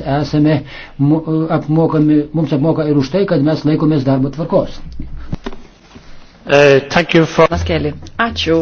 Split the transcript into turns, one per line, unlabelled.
esame apmokami, mums apmoka ir už tai, kad mes laikomės darbo tvarkos. Uh, for... Ačiū.